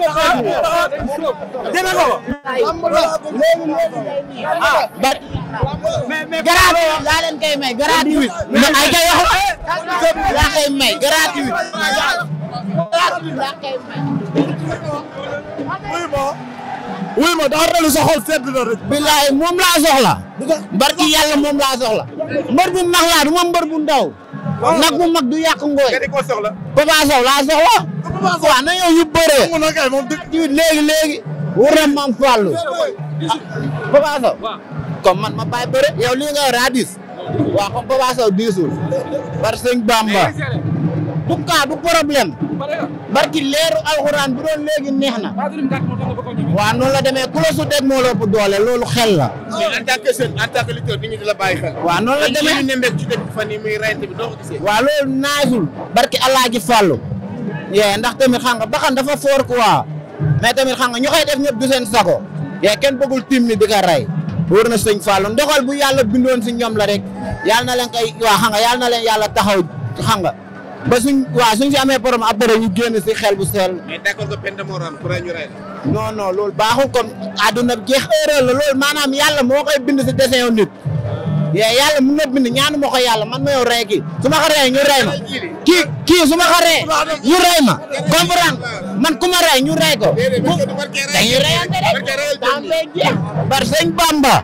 dégg nga ko. ah ba. gratuit laa leen koy may gratuit. mais ay ca yoo xam ne laa koy may gratuit. gratuit laa koy may. wuy ma. wuy ma daa mel ni sa xol sedd na rek. billaay moom laa soxla. barki yàlla moom laa soxla. mbër bu mag laa du ma mbër bu ndaw. nag mu mag du yàq ngooy. nga di ko soxla. Papa Sow laa soxla. Papa Sow waaw na yow yu bëree. léegi léegi. wóor ah, Papa Sow. comme man ma bàyyi bëre. yow lii nga radis. waaw comme Papa Sow diisul. par sëñ Bamba. du cas du problème barki leeru alxuraan bu doon léegi neex na waaw noonu la demee ku la su teg moo loolu xel la. en tant que jeune en tant que lutteur nit ñi di la bàyyi xel. waaw noonu la demee ñu nemmeeku loolu naasul barki alaaji fàllu yee ndax tamit xam nga baxan dafa foor quoi mais tamit xam nga ñu koy def ñëpp du seen sago yee kenn bëggul tim ni di ko rey wóor na sëñ Fallou ndoxal bu yàlla bindoon si ñoom la rek yàlla na leen koy waa xam nga yàlla na leen yàlla taxaw xam nga ba suñ waaw suñ si amee a après ñu génn si xel bu sell. mais d'accord nga peine de mort am pour ñu rey la. jeex erreur la loolu maanaam yàlla moo koy bind si dessin yoo nit. yaa yàlla mën na bind ñaanu ma ko yàlla man ma yow rey kii su ma ko ñu rey ma kii su ma ko rey ma comprendre man ku ma rey ñu rey ko dañuy reyante rek daa am jeex Bamba